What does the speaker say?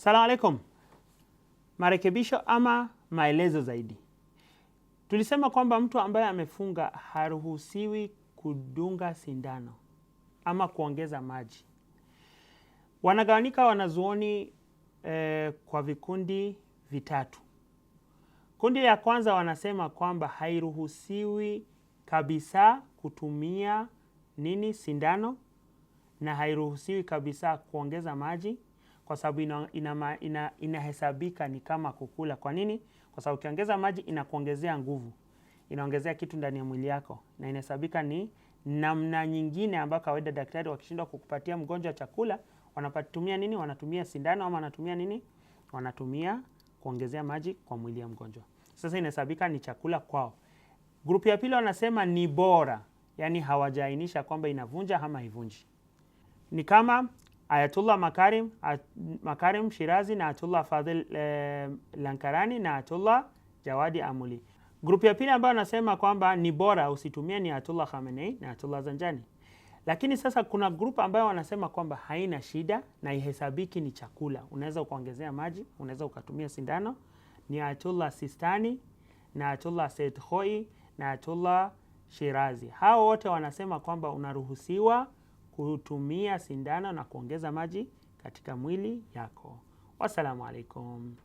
Salamu alaikum. Marekebisho ama maelezo zaidi, tulisema kwamba mtu ambaye amefunga haruhusiwi kudunga sindano ama kuongeza maji. wanagawanika wanazuoni eh, kwa vikundi vitatu. Kundi la kwanza wanasema kwamba hairuhusiwi kabisa kutumia nini, sindano na hairuhusiwi kabisa kuongeza maji kwa sababu ina, ina, ina, ina ni kama kukula. Kwa nini? Kwa sababu ukiongeza maji inakuongezea nguvu, inaongezea kitu ndani ya mwili yako, na inahesabika ni namna nyingine ambayo kawaida daktari wakishindwa kukupatia mgonjwa chakula wanapatumia nini? Wanatumia sindano ama wanatumia nini? Wanatumia kuongezea maji kwa mwili ya mgonjwa. Sasa inahesabika ni chakula kwao. Grupu ya pili wanasema ni bora, yani hawajaainisha kwamba inavunja ama haivunji. Ni kama Ayatullah Makarim, Makarim Shirazi na Ayatullah Fadhil eh, Lankarani na Ayatullah Jawadi Amuli. Grupu ya pili ambayo anasema kwamba ni bora usitumie ni Ayatullah Khamenei na Ayatullah Zanjani. Lakini sasa kuna grupu ambayo wanasema kwamba haina shida na ihesabiki ni chakula, unaweza ukaongezea maji, unaweza ukatumia sindano. Ni Ayatullah Sistani na Ayatullah Said Khoi na Ayatullah Shirazi. Hao wote wanasema kwamba unaruhusiwa kutumia sindano na kuongeza maji katika mwili yako. Wassalamu alaikum.